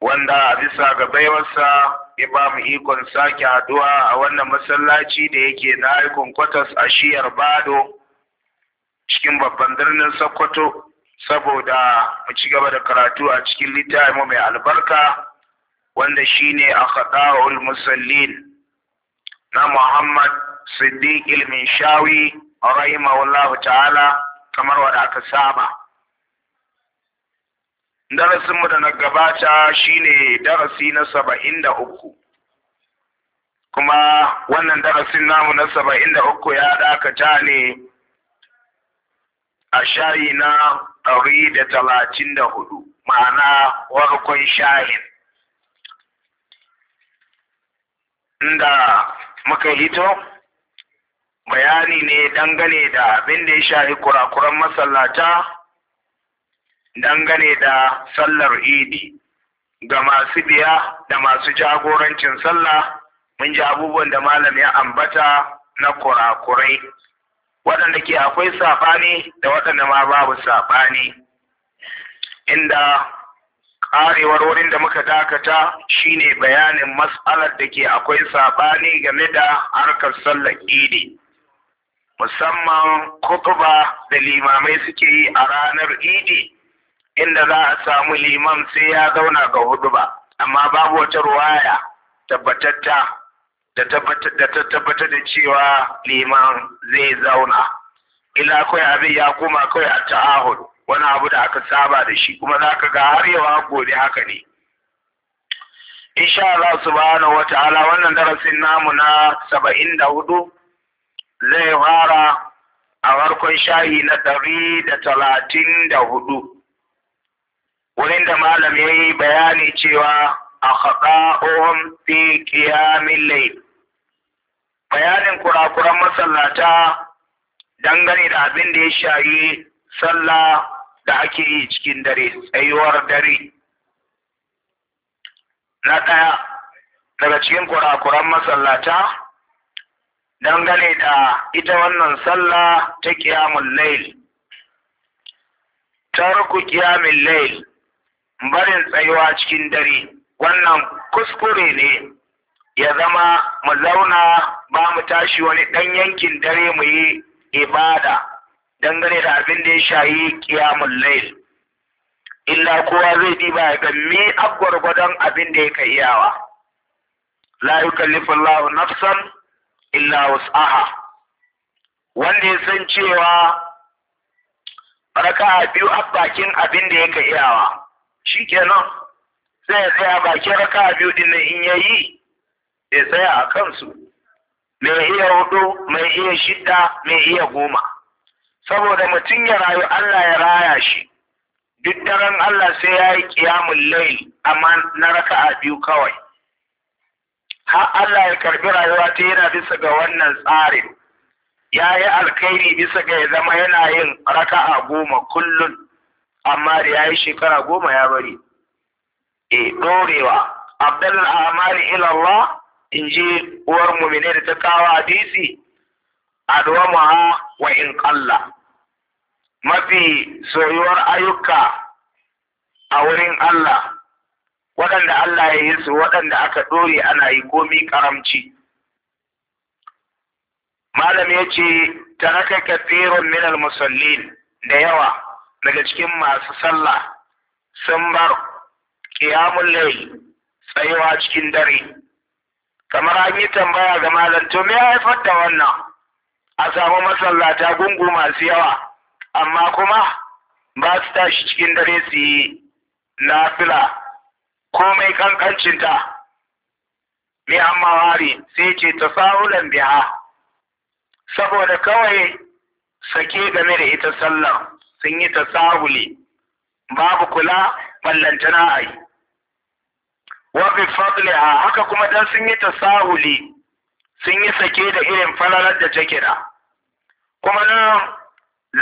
wanda a bisa ga baiwarsa ya ba mu ikon sake haduwa a wannan masallaci da yake na aikon kwatas a shiyar bado cikin babban birnin sokoto saboda mu ci gaba da karatu a cikin littafin mai albarka wanda shine a khata'ul musallin na muhammad siddiq ilmin shawi rahimahullahu ta'ala kamar wadda aka saba darasinmu da na gabata shine darasi na saba'in da uku kuma wannan darasin namu na saba'in da uku ya dakata ne a shayi na ɗari da talatin da hudu ma'ana warkon shayin inda muka hito bayani ne dangane da abin da ya shayi kurakuran masallata dangane da sallar idi ga masu biya da masu jagorancin sallah mun ji abubuwan da malam ya ambata na kurakurai waɗanda ke akwai saɓani da waɗanda ma babu saɓani inda ƙarewar wurin da muka dakata shine bayanin matsalar da ke akwai saɓani game da harkar sallar idi musamman kutuba da limamai suke yi a ranar idi inda za a samu liman sai ya zauna ga hudu ba amma babu wata ruwaya tabbatatta da ta tabbatar da cewa liman zai zauna ila kawai abin ya koma kawai a ta'ahud wani abu da aka saba da shi kuma za ka ga har yawa gobe haka ne insha Allah subhanahu wa ta'ala wannan darasin namu na saba'in da hudu zai fara a farkon shayi na ɗari da talatin da hudu wurin da malam ya yi bayani cewa a haɗa'uhun fi ƙiyamin lai bayanin kurakuran masallata dangane da abin da ya shayi sallah da ake yi cikin dare tsayuwar dare na ɗaya daga cikin kurakuran masallata dangane da ita wannan sallah ta ƙiyamun lail tarku ƙiyamin lail barin tsayuwa cikin dare wannan kuskure ne ya zama mu zauna ba mu tashi wani ɗan yankin dare mu yi ibada dangane da abin da ya shayi ƙiyamun lail illa kowa zai diba ya ga me gwargwadon abin da ya iyawa la yukallifu Allahu nafsan illa wus'aha wanda ya san cewa raka'a biyu a bakin abin da ya iyawa shi kenan sai ya tsaya bakin raka biyu din in ya yi ya tsaya a kansu mai iya hudu mai iya shidda mai iya goma saboda mutum ya rayu Allah ya raya shi duk daren Allah sai ya yi ƙiyamun laili amma na raka'a biyu kawai har Allah ya karbi rayuwa ta yana bisa ga wannan tsarin ya yi alkhairi bisa ga ya zama yana yin a goma kullum amma da ya yi shekara goma ya bari e ɗorewa abdallal amali ilallah in ji uwar mumine da ta kawo hadisi a duwamaha wa in ƙalla mafi soyuwar ayyuka a wurin Allah waɗanda Allah ya yi su waɗanda aka ɗore ana yi komi ƙaramci malam ya ce ta raka kafirun minal musallin da yawa daga cikin masu sallah sun bar ƙiyamun lai tsayuwa cikin dare kamar an yi tambaya ga malam to me haifar da wannan a samu masallata gungu masu yawa amma kuma ba su tashi cikin dare su yi nafila komai kankancinta me amma wari sai ce ta sa'ulan biya saboda kawai sake game da ita sallar sun yi tasahuli babu kula ballantana a yi wa bi fadliha haka kuma dan sun yi tasahuli sun yi sake da irin falalar da take da kuma nan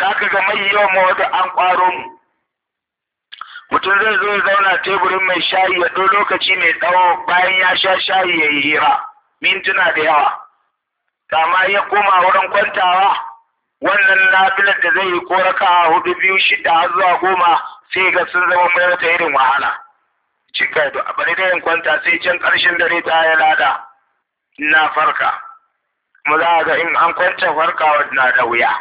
za ga mai yawan mawada an ƙwaro mu mutum zai zo ya zauna teburin mai shayi ya ɗau lokaci mai tsawo bayan ya sha shayi ya yi hira mintuna da yawa kama ya koma wurin kwantawa wannan nafilar da zai yi ko raka hudu biyu shida har zuwa goma sai ga sun zama mai wata irin wahala cika da abu da yin kwanta sai can ƙarshen dare ta ya lada na farka kuma za ga in an kwanta farkawa na da wuya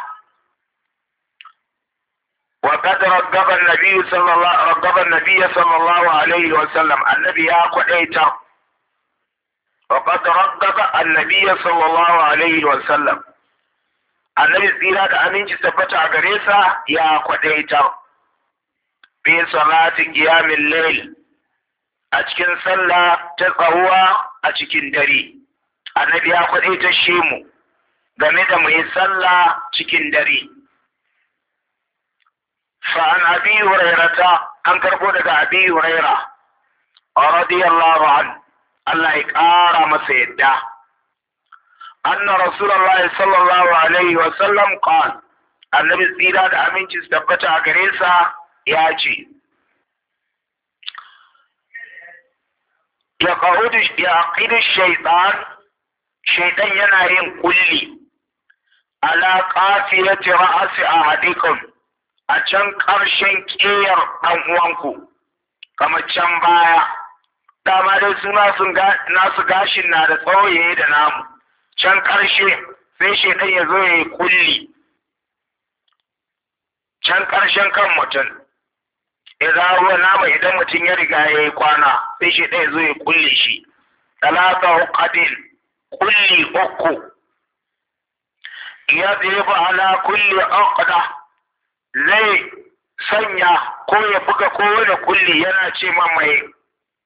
wa qad raggaba an-nabiy sallallahu raggaba an sallallahu alaihi wa sallam annabi ya kwadaita wa qad raggaba an-nabiy sallallahu alaihi wa sallam annabi tsira da aminci tabbata a gare sa ya kwadaita bi salati qiyamil layl a cikin sallah ta tsawuwa a cikin dare annabi ya kwadaita shi mu game da mai sallah cikin dare fa an abi ta an karbo daga abi huraira radiyallahu an Allah ya ƙara masa yadda anna rasulullahi sallallahu alaihi wa sallam qala annabi tsira da aminci su tabbata a gare sa ya ce ya qaudu ya aqidu shaytan yana yin ƙulli. ala qafiyati ra'si ahadikum a can ƙarshen ƙiyar ɗan uwanku kamar can baya dama dai suna nasu gashin na da tsawo da namu can ƙarshe sai shekai ya zo ya yi kulli can ƙarshen kan mutum ya za ruwa nama idan mutum ya riga ya yi kwana sai shekai ya zo ya kulli shi talata hukadin kulli uku ya zai zirba ala kulli uqda zai sanya ko ya buga kowane kulli yana ce ma mai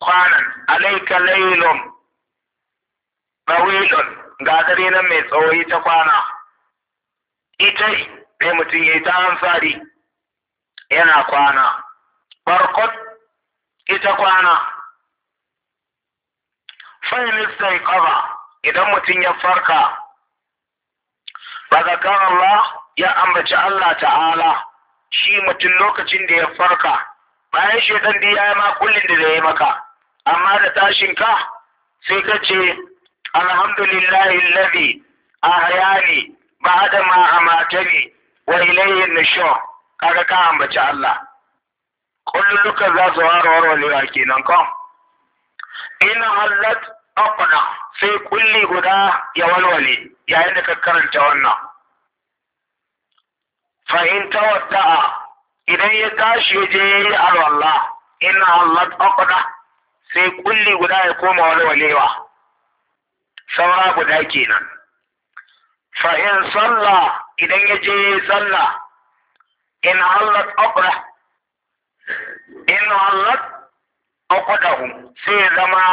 kwanan alaika lailun ɗawilun ga dare nan mai tsawoyi ta kwana ita ne mutum ya yi ta hansari yana kwana farkot ita kwana fahimistan kaba idan mutum ya farka ba zakar ya ambaci Allah ta'ala shi mutum lokacin da ya farka bayan shaidan ya yi ma da ya yi maka amma da tashinka sai ka ce الحمد لله الذي أحياني بعدما أماتني وإليه النشور هذا كان بجاء الله كل لك ذا زوار ورولي واكينا كم إن هلت أقنا في كل غدا يوالولي يعني ككرا جوانا فإن توتا إذا يتاش يجيري على الله إن هلت أقنا في كل غدا يقوم ولي واه saura guda kenan fa in salla idan ya je salla in hallat aqra in hallat hu sai zama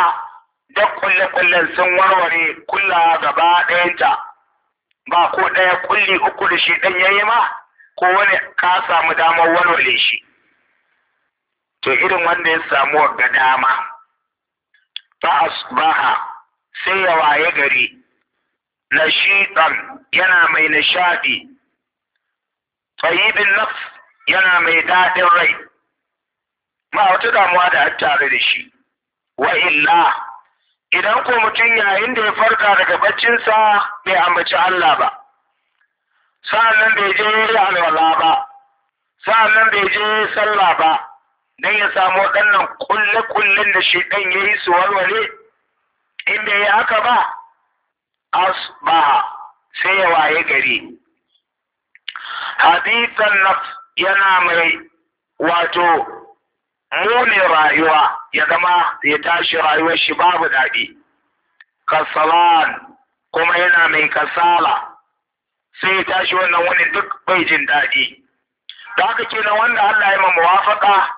da kulle kullen sun warware kulla gaba ɗayanta ba ko ɗaya kulli uku da shi ɗan yayi ma ko wani ka samu damar warware shi to irin wanda ya samu ga dama fa asbaha sai ya waye gari shiɗan yana mai nishaɗi tsayibin naf yana mai daɗin rai Ma wata damuwa da tare da shi wa illa idan ko mutum yayin da ya farka daga baccinsa bai ambaci Allah ba sa'annan bai je alwala ba sa'annan bai je sallah ba dan ya samu waɗannan kulle-kullen da shi ɗan ya yi su warware in bai yi haka ba asbaha sai ya waye gari hadithan naf yana mai wato munin rayuwa ya zama ya tashi rayuwar shi babu daɗi kasalan kuma yana mai kasala sai ya tashi wannan wani duk bai jin daɗi da haka kenan wanda Allah ya ma muwafaka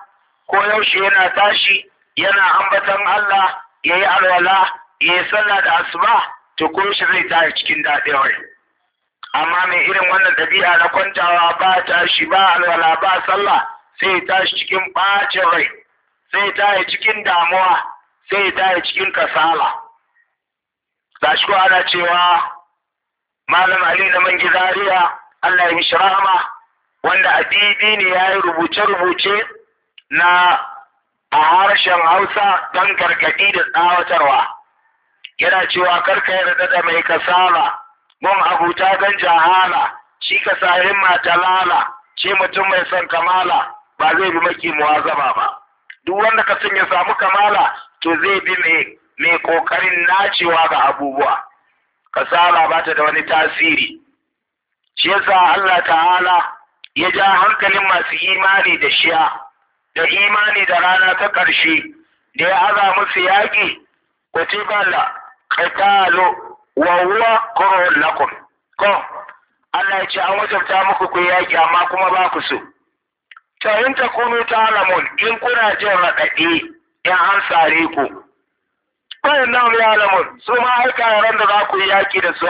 ko yaushe yana tashi yana ambatan Allah ya yi alwala yi sallah da asuba to ko shi zai tashi cikin daɗin wai amma mai irin wannan ɗabi'a na kwantawa ba tashi ba alwala ba sallah sai tashi cikin ɓacin rai sai tashi cikin damuwa sai tashi cikin kasala gashi ko ana cewa malam ali na man gizariya Allah ya mishi rahama wanda adibi ne ya yi rubuce-rubuce na a harshen hausa don gargaɗi da tsawatarwa yana cewa karka yarda da mai kasala mun abu ta gan jahala shi ka sa himma lala ce mutum mai son kamala ba zai bi maki zama ba duk wanda ka sun ya samu kamala to zai bi mai kokarin nacewa ga abubuwa kasala ba ta da wani tasiri shi yasa Allah ta'ala ya ja hankalin masu imani da shiya da imani da rana ta ƙarshe da ya aza musu yaƙi ku ci balla qitalu wa huwa qurun lakum ko Allah ya ce an wajabta muku ku yaki amma kuma ba ku so ta in ta kunu alamun, in kuna jin radadi in an sare ku kawai ya alamun, su ma aika yaran da za ku yi yaki da su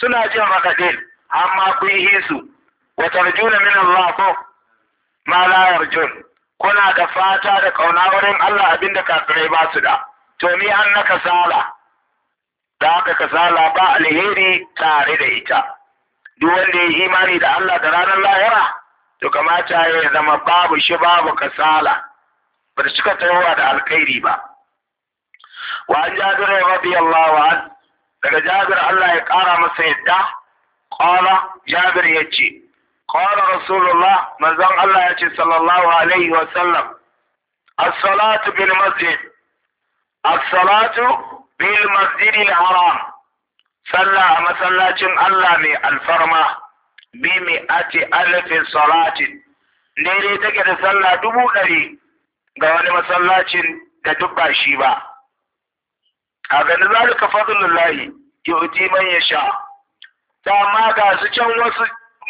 suna jin radadi amma ku yi hisu wa tarjuna min Allah ko ma la yarjun kuna da fata da kauna wurin Allah abinda kafirai ba su da to ni an naka sala da haka kasala ba alheri tare da ita duk wanda ya yi imani da Allah da ranar lahira to kamata ya zama babu shi babu kasala ba cika tawowa da alkhairi ba wa an jabir radiyallahu an daga jabir Allah ya kara masa yadda qala jabir yace qala rasulullah manzon Allah yace sallallahu alaihi wa sallam as-salatu bil masjid as-salatu bil masjidil haram sallah a masallacin Allah mai alfarma bi mi ati alfin salatin daidai take da sallah dubu ɗari ga wani masallacin da duk ba shi ba a ganin zalika fadlullahi yu'ti man sha. ta ma ga su can wasu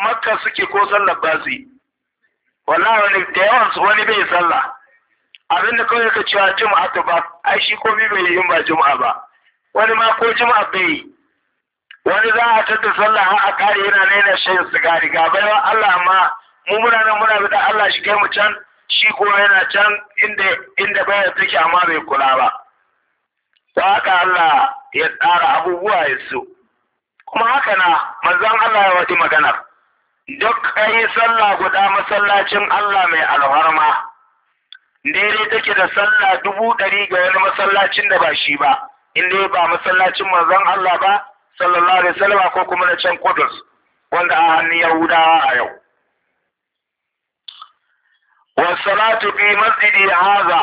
makka suke ko sallar ba su wallahi wani da yawan su wani bai sallah abin da kawai ka cewa juma'a ta ba ai shi komai bai yi ba juma'a ba wani ma ko juma'a bai yi wani za a tatta sallah har a kare yana ne shan sigari ga wa Allah ma mu muna nan muna bi da Allah shi kai mu can shi ko yana can inda inda baya take amma bai kula ba to haka Allah ya tsara abubuwa ya so kuma haka na manzon Allah ya wadi magana duk an yi sallah guda masallacin Allah mai alharma daidai take da sallah dubu ɗari ga wani masallacin da ba shi ba inda dai ba masallacin manzon Allah ba sallallahu alaihi wasallam ko kuma na can Qudus wanda a hannun Yahuda a yau wasalatu fi masjidi haza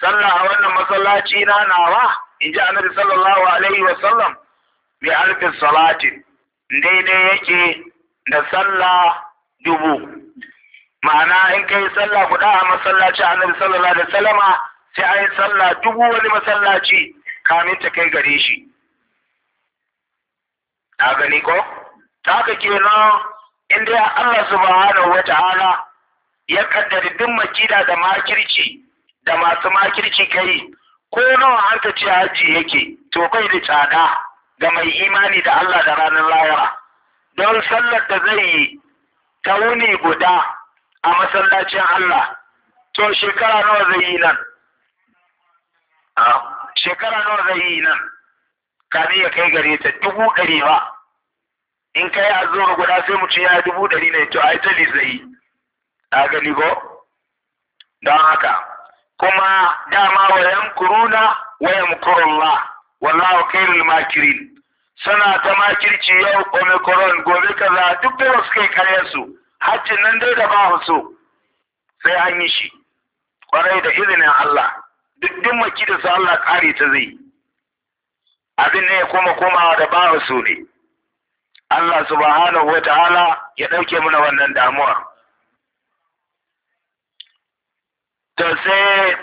sallah a wannan masallaci na nawa in ji annabi sallallahu alaihi wasallam bi alfi salatin daidai yake da sallah dubu ma'ana in ka yi sallah guda a masallaci annabi sallallahu alaihi salama, sai an yi sallah dubu wani masallaci kamin ta kai gare shi ta gani ko ta ke kenan in dai Allah subhanahu ta'ala ya kaddari duk makida da makirci da masu makirci kai ko nawa ka ce haji yake to kai da tsada ga mai imani da Allah da ranar lahira don sallar da zai yi ta wuni guda a masallacin Allah to shekara nawa zai yi nan shekara nawa zai yi nan kamin ya kai gare ta dubu ɗari ba in kai a zuwa guda sai mu ci ya dubu ɗari ne to ai tali zai yi a gani ko don haka kuma dama wa kuruna wa yamkurullah wa kairin makirin suna ta makirci yau omicron gobe kaza duk da wasu kai karyar su hajjin nan dai da ba so sai an yi shi kwarai da izinin Allah duk din maki da su Allah kare ta zai abin ne ya koma komawa da ba so ne Allah subhanahu wa ta'ala ya ɗauke mana wannan damuwa to sai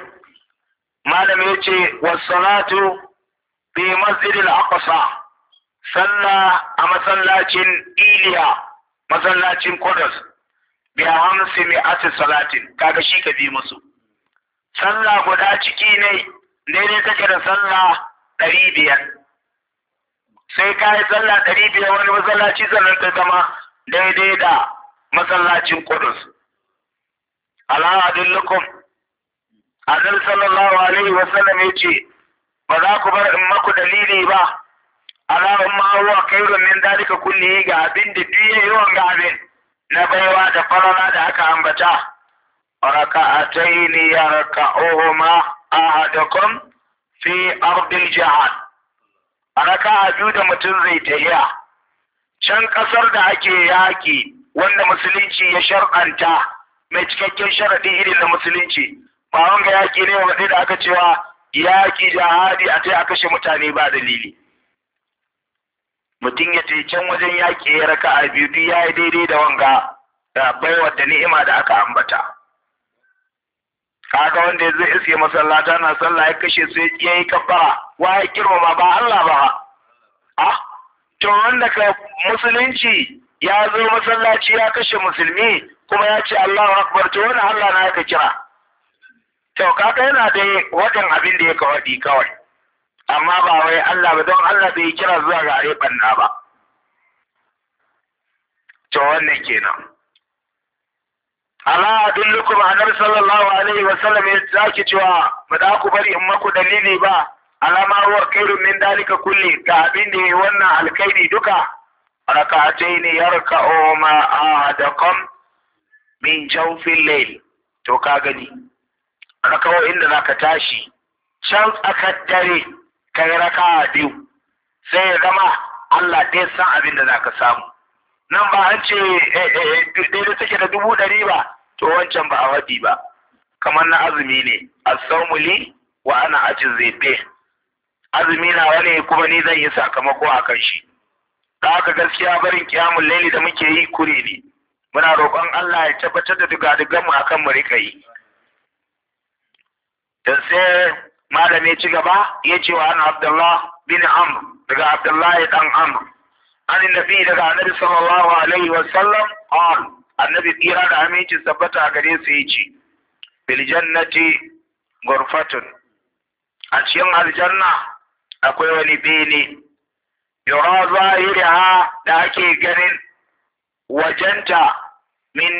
yace ya ce wasalatu bi masjidil aqsa sallah a masallacin iliya masallacin Kodas. ya hamsin mai ati salatin kaga shi ka bi musu sallah guda ciki ne daidai take da sallah ɗari biyar sai ka yi sallah ɗari biyar wani masallaci sannan ta zama daidai da masallacin kudus alhadin lukum annabi sallallahu alaihi sallam ya ce ba za ku bar in maku dalili ba ala umma huwa khairun min dalika kulli ga abin da duk yayi wanga abin na baiwa da falala da aka ambata raka'ataini yarka'uhuma ahadukum fi ardil jahad raka'a biyu da mutum zai tahiya can kasar da ake yaki wanda musulunci ya shar'anta mai cikakken sharadi irin da musulunci ba wanga yaki ne wanda da aka cewa yaki jihadi a tai a kashe mutane ba dalili mutum ya ce can wajen yaƙi ya raka a biyu duk ya yi daidai da wanga da bai wata ni'ima da aka ambata kaga wanda ya zai iske masallata na sallah ya kashe su ya yi kabbara wa ya girmama ba Allah ba a to wanda ka musulunci ya zo masallaci ya kashe musulmi kuma ya ce Allahu akbar to wani Allah na ya ka kira to kaga yana da watan abin da ya kawai kawai amma ba wai Allah ba don Allah bai kira zuwa ga are banna ba to wannan kenan ala adullukum annabi sallallahu alaihi wa sallam ya zaki cewa ba za ku bari in maku dalili ba alama wa kairu min dalika kulli ga abin da yayi wannan alkhairi duka rak'atayn yarka'u ma ahadakum min jawfil layl to ka gani wa inda zaka tashi can tsakar dare kai raka biyu sai ya zama Allah ta san abin da za ka samu nan ba an ce eh, eh, eh, daidai take da dubu ɗari ba to wancan ba a waɗi ba kamar na azumi ne a li wa ana ajin zebe azumi na wani kuma ni zan yi sakamako a kan shi da haka gaskiya barin kiyamun laili da muke yi kure ne muna roƙon Allah ya tabbatar da dugadugan mu akan mu rika yi da sai malam ya ci gaba ya ce wa ana abdullah bin amr daga abdullah ya dan amr an nabi daga annabi sallallahu alaihi wa sallam an annabi kira da aminci sabbata gare su yace bil jannati ghurfatun a cikin aljanna akwai wani bene yura zahiriha da ake ganin wajenta min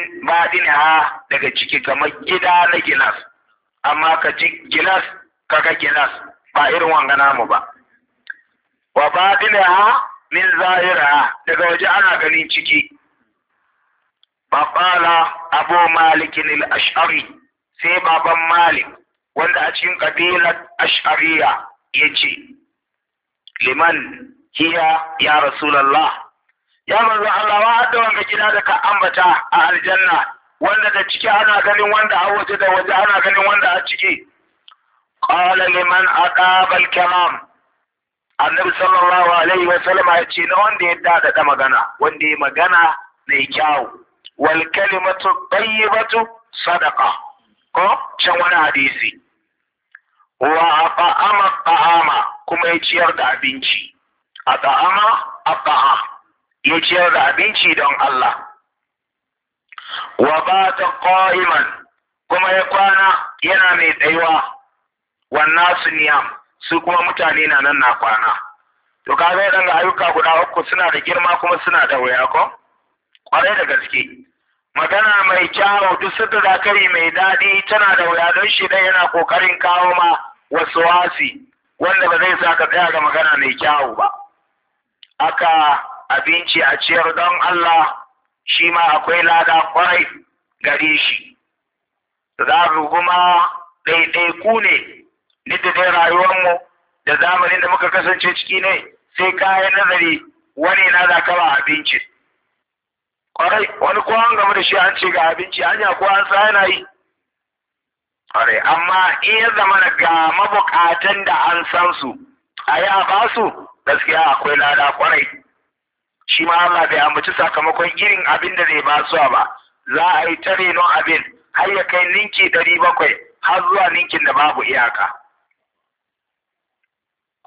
ha daga ciki kamar gida na gilas amma ka ji gilas kaka gilas ba irin wanga namu ba wa batilaha min zahira daga waje ana ganin ciki babala Abu Malik al-Ash'ari sai baban Malik wanda a cikin kabilar Ash'ariya yace liman hiya ya Rasulullah ya manzo Allah wa hada wanga gida da ka ambata a aljanna wanda da ciki ana ganin wanda a waje da waje ana ganin wanda a ciki qala liman aqaba al-kalam annabi sallallahu alaihi wa sallam ya ce na wanda ya dada magana wanda magana mai kyau wal kalimatu tayyibatu sadaqa ko can wani hadisi wa ata'ama ta'ama kuma ya ciyar da abinci ya ciyar da abinci don Allah wa bata qa'iman kuma ya kwana yana mai tsayuwa wannan su niyam su kuma mutane na nan na kwana to ka ga ayyuka guda uku suna da girma kuma suna da wuya ko kwarai da gaske magana mai kyau duk sadda za kai mai daɗi tana da wuya don shi dai yana kokarin kawo ma wasu wasi wanda ba zai sa ka tsaya ga magana mai kyau ba aka abinci a ciyar don Allah shi ma akwai lada kwarai gare shi. Za kuma ɗaiɗaiku ne duk da dai rayuwarmu da zamanin da muka kasance ciki ne sai ka yi nazari wani na za ka ba abinci kwarai wani ko an da shi an ce ga abinci anya ko an sa yana yi kwarai amma in ya zama ga mabukatan da an san su a yi a basu gaskiya akwai lada kwarai shi ma Allah bai ambaci sakamakon irin abin da zai basuwa ba za a yi ta renon abin har ya kai ninki ɗari bakwai har zuwa ninkin da babu iyaka.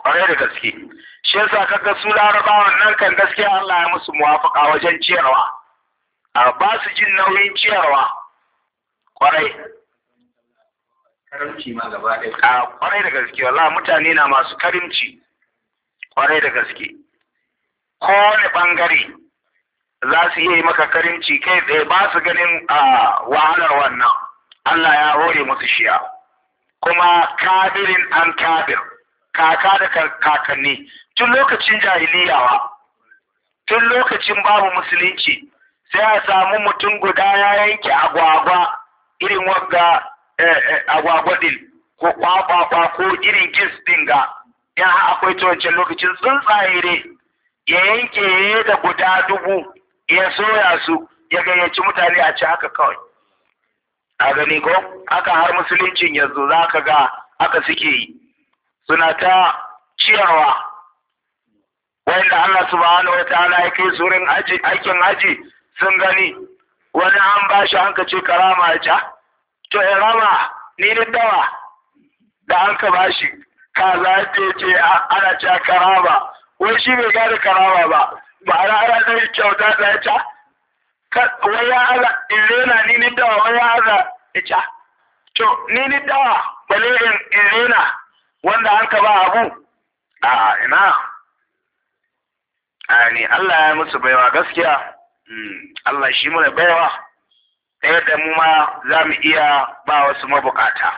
kwarai da gaske shi yasa kaga su larabawan nan kan gaskiya Allah ya musu muwafaka wajen ciyarwa a ba su jin nauyin ciyarwa kwarai karimci ma gaba ɗaya a kwarai da gaske wallahi mutane na masu karimci kwarai da gaske Ko ne bangare za su iya yi maka karimci kai tsaye ba su ganin wahalar wannan Allah ya hore musu shiya kuma kabirin an kabir kaka da kakanni tun lokacin jahiliyawa tun lokacin babu musulunci sai a samu mutum guda ya yanke agwagwa irin wagga eh, eh, agwagwa din ko kwakwakwa ko irin gis din ga ya akwai ta wancan lokacin tsuntsaye ne ya yanke ya da guda dubu ya soya su ya gayyaci mutane a ci haka kawai a gani ko haka har musuluncin yanzu za ka ga aka suke yi suna ta ciyarwa wanda Allah subhanahu wataala ya kai surin aji aikin aji sun gani wani an ba shi an ka ce karama ya ja to ya rama ni ni dawa da an ka ba shi ka za ta ce ana ce karama wai shi bai gane karama ba ba ana ana zai kyauta da ya ca wai ya ala irena ni ni dawa wai ya ala ya ca to ni ni dawa bale in irena wanda an ka ba abu a ina a ne Allah ya musu baiwa gaskiya hmm, Allah shi mu baiwa ta yadda mu ma za mu iya ba wasu mabukata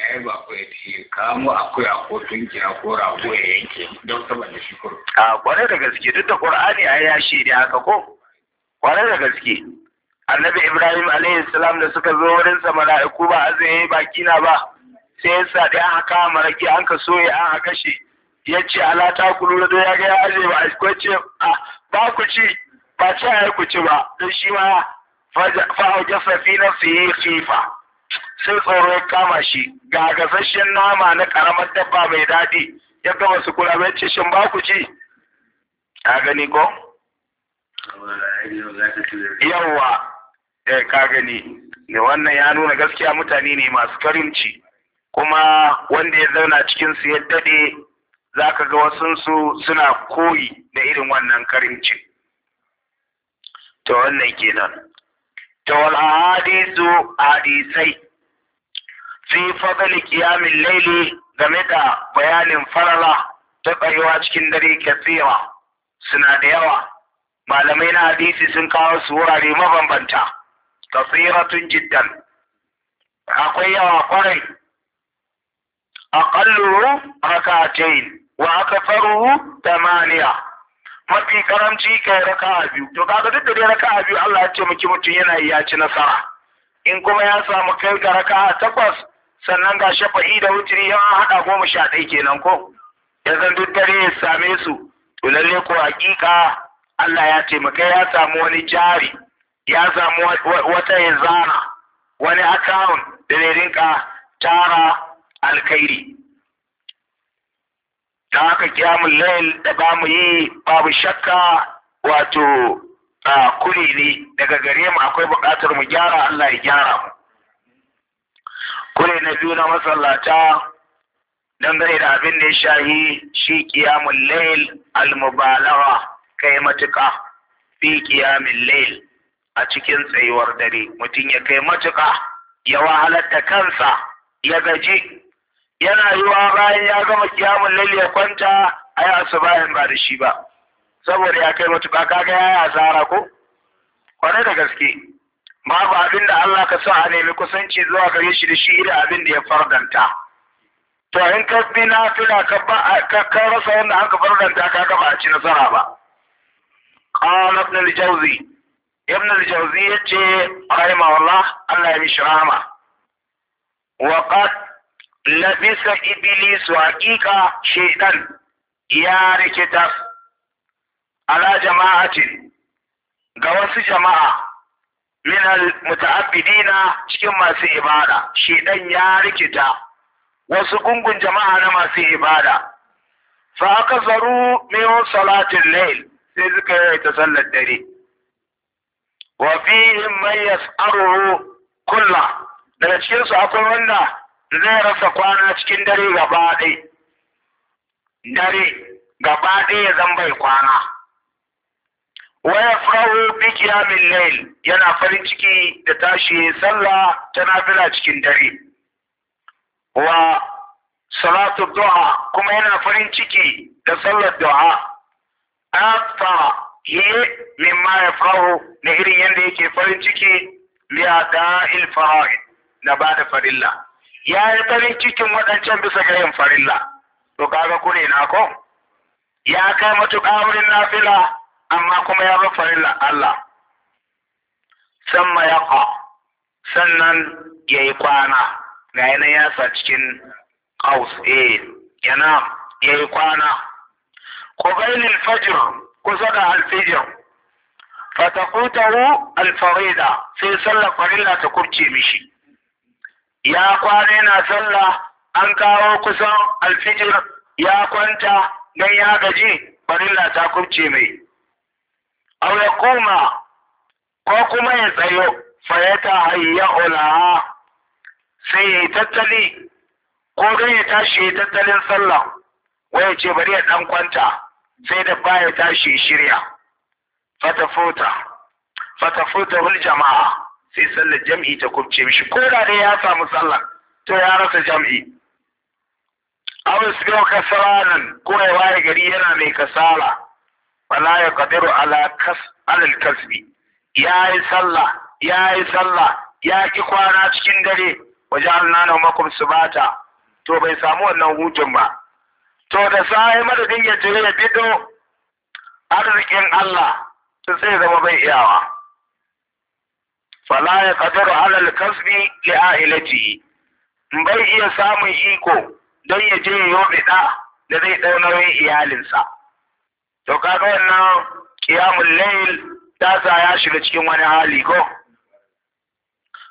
ya yi bako ya ce kamo akwai a kotun kira ko rago ya yanke don saboda shi A kwarai da gaske duk da Qur'ani a yashi da haka ko? Kwarai da gaske. annabi ibrahim alayhi salam da suka zo wurin sa mala'iku ba azai baki na ba sai yasa da an haka maraki an ka soye an haka shi yace ala ta kulu da ya ga aje ba ko ce ba ku ci ba ce ai ku ci ba dan shi ma fa aujafa fi nafsihi khifa sai tsoro ya kama shi ga gasashen nama na karamar dabba mai daɗi ya ga wasu kula bai ce shin ba ku ci ka gani ko yawwa eh ka gani ne eh, wannan ya nuna gaskiya mutane ne masu karimci kuma wanda ya zauna cikin su ya dade zaka ga su suna koyi da irin wannan karimci to wannan kenan to wal ahadisu hadisai fi fadli qiyamil layli game da bayanin farala ta tsayewa cikin dare kasira suna da yawa malamai na hadisi sun kawo su wurare mabambanta tun jiddan akwai yawa kwarai aqalluhu rak'atayn wa akfaruhu tamaniya mafi karamci kai raka'a biyu to kaga duk da dai raka'a biyu Allah ya ce miki mutum yana yi ya ci nasara in kuma ya samu kai ga raka'a takwas sannan ga shafa'i da wutiri ya haɗa goma sha ɗaya kenan ko ya zan duk dare ya same su to lalle ko hakika Allah ya taimaka ya samu wani jari ya samu wata hizana wani akawun da zai rinka tara alkhairi ta haka kiyamun lail da ba mu yi babu shakka wato a kuri ne daga gare mu akwai buƙatar mu gyara Allah ya gyara mu kuri na biyu na masallata dangane da abin da ya shahi shi kiyamun lail almubalagha kai matuƙa fi kiyamin lail a cikin tsayuwar dare mutum ya kai matuƙa ya wahalar da kansa ya gaji yana yiwa bayan ya gama kiyamun lalle ya kwanta a yi asubahin ba da shi ba saboda ya kai matuƙa kaga ya yi asara ko kwarai da gaske babu abin da Allah ka sa a nemi kusanci zuwa gare shi da shi iri abin da ya fardanta to in ka bi na tuna ka ka rasa wanda aka fardanta ka gaba a ci nasara ba qala ibn al-jawzi ابن الجوزية رحمه الله الله يمشي وقد لبس إبليس وحقيقة شيطان يا ركتف على جماعة قوس جماعة من المتعبدين شكما سي شيطان يا ركتا وسكنكم جماعة نما سي فأكثروا من صلاة الليل سيذكر يتسلى الدليل wa fihim man yas'aruhu kulla daga cikin su akwai wanda zai rasa kwana cikin dare gaba ɗaya dare gaba zan bai kwana wa yafrahu bi qiyamil layl yana farin ciki da tashi sallah ta nafila cikin dare wa salatu du'a kuma yana farin ciki da sallar du'a afara min ma ya faru na irin yadda yake farin ciki liya da ilfara'in na ba da farilla ya yi farin cikin waɗancan bisa ga yin farilla to kaga kure na ko ya kai matuƙa wurin nafila amma kuma ya bar farilla Allah samma ya ƙa sannan ya yi kwana ga ya sa cikin ƙaus eh yana ya yi kwana ƙubailin fajr kusa da alfijir fatakutahu alfarida sai sallar farilla ta kubce mishi ya kwana na sallah an kawo kusan alfijir ya kwanta don ya gaji farilla ta kubce mai aw ya koma ko kuma ya tsayo fayata hayya ulaha sai ya yi tattali ko don ya tashi ya tattalin sallah wai ya ce bari ya dan kwanta sai da baya tashi shirya fatafuta fatafuta wal jama'a sai sallar jam'i ta kubce mishi ko da dai ya samu sallar to ya rasa jam'i aw isbihu kasranan ko ya waye gari yana mai kasala wala ya qadiru ala kas alal kasbi yayi sallah yayi sallah ya ki kwana cikin dare wajen nana makum subata to bai samu wannan hutun ba to da sai madadin ya je ya bido arzikin Allah to sai zama bai iyawa fala ya kadar ala al-kasbi li ailati bai iya samun iko don ya je ya bida da zai dau nauyin iyalinsa to kaga wannan qiyamul layl ta sa ya shiga cikin wani hali ko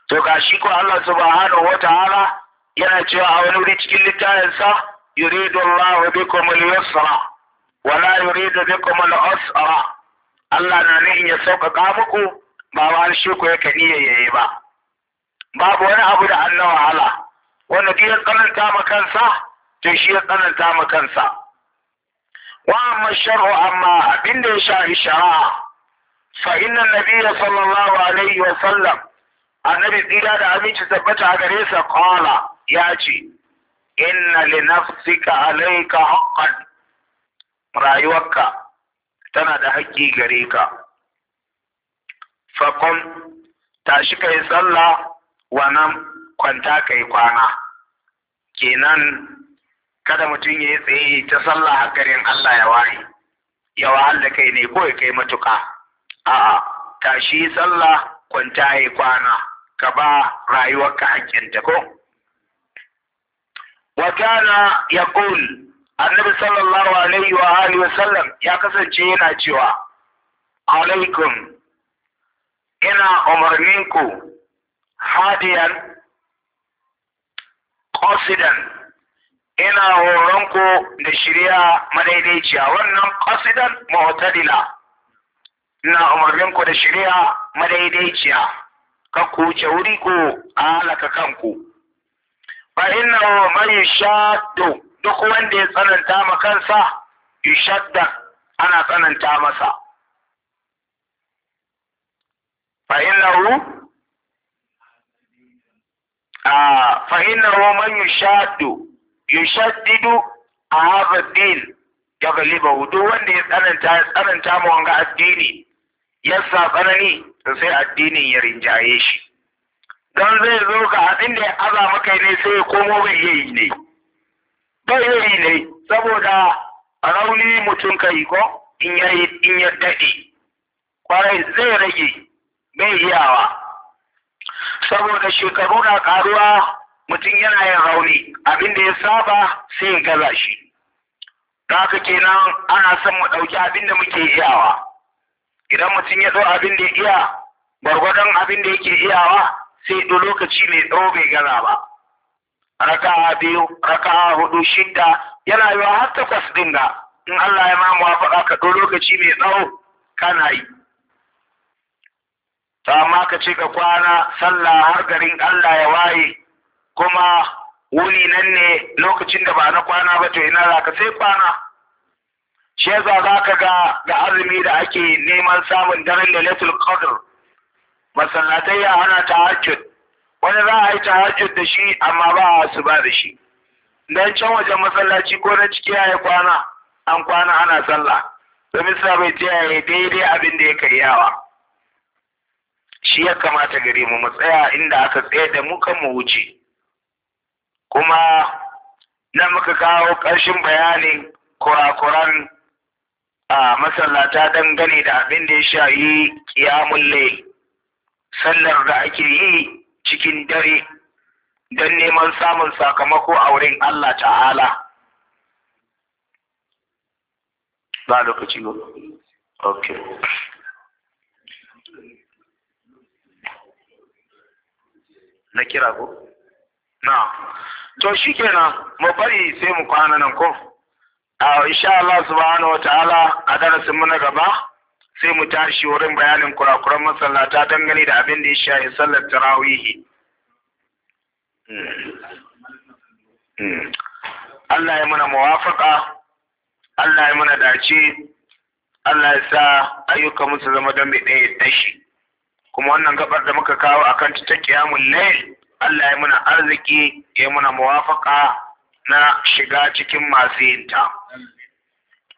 to gashi ko Allah subhanahu wataala yana cewa a wani wuri cikin littafinsa يريد الله بكم اليسر ولا يريد بكم العسر Allah na nan ya sauƙaƙa muku ba wa shi ku yake iya yayi ba babu wani abu da Allah wahala wanda duk ya tsananta ma kansa to shi ya tsananta ma kansa wa amma shar'u amma abinda ya shafi shari'a fa inna nabiyya sallallahu alaihi wa sallam annabi tsira da aminci tabbata a gare sa ya ce inna li nafsika alayka haqqan rayuwarka tana da haƙƙi gare ka faƙon tashi kai sallah nan kwanta kai kwana kenan kada mutum ya yi tsaye ta sallah garin Allah ya waye ya wahala kai ne ko ya kai matuka a'a tashi sallah kwanta ya kwana ka ba rayuwarka haƙƙinta ko wa kana yaqul annabi sallallahu alaihi wa alihi wa sallam ya kasance yana cewa alaikum ina umarninku hadiyan qasidan ina horonku da shirya madaidaiciya wannan qasidan mu'tadila ina umarninku da shirya madaidaiciya ka kuce wuri ko alaka kanku fa innahu man yushaddu duk wanda ya tsananta ma kansa yushadda ana tsananta masa fa innahu a fa innahu man yushaddu yushaddidu a hadha din ya galiba duk wanda ya tsananta ya tsananta ma wanga addini ya sa tsanani to sai addinin ya rinjaye shi don zai zo ga abin da ya aza maka ne sai ya komo bai yi ne bai yi ne saboda rauni mutum kai ko in ya in ya daɗe kwarai zai rage bai iyawa saboda shekaru na karuwa mutum yana yin rauni abin da ya saba sai ya gaza shi haka kenan ana son mu ɗauki abin da muke iyawa idan mutum ya zo abin da ya iya gwargwadon abin da yake iyawa sai ɗo lokaci mai tsawo bai gaza ba raka'a biyu raka'a hudu shidda yana yiwa har takwas ɗin ga in Allah ya mamu faɗa ka ɗo lokaci mai tsawo kana yi Ta amma ka ce ka kwana sallah har garin Allah ya waye kuma wuni nan ne lokacin da ba na kwana ba to ina za ka sai kwana shi za ka ga ga azumi da ake neman samun daren da latul qadr masallatai ya hana tahajjud wani za a yi tahajjud da shi amma ba a ba da shi dan can wajen masallaci ko na ciki ya kwana an kwana ana sallah domin sa bai ji ya daidai abin da ya karyawa shi ya kamata gare mu mu tsaya inda aka tsaya da mu kan mu wuce kuma na muka kawo ƙarshen bayanin kurakuran a masallata dangane da abin da ya shayi ƙiyamun lail sallar da ake yi cikin dare don neman samun sakamako a wurin Allah ta'ala ba lokaci ba ok na kira ko na to shi kenan mu bari sai mu kwana nan ko a insha Allah subhanahu wa ta'ala a darasin mu na gaba sai mu tashi wurin bayanin kurakuran masallata dangane da abin da ya shafi sallar tarawihi Allah ya muna mawafaka, Allah ya muna dace Allah ya sa ayyuka musu zama don mai ɗaya kuma wannan gabar da muka kawo akan ta qiyamul layl Allah ya muna arziki ya muna mawafaka na shiga cikin masu yinta.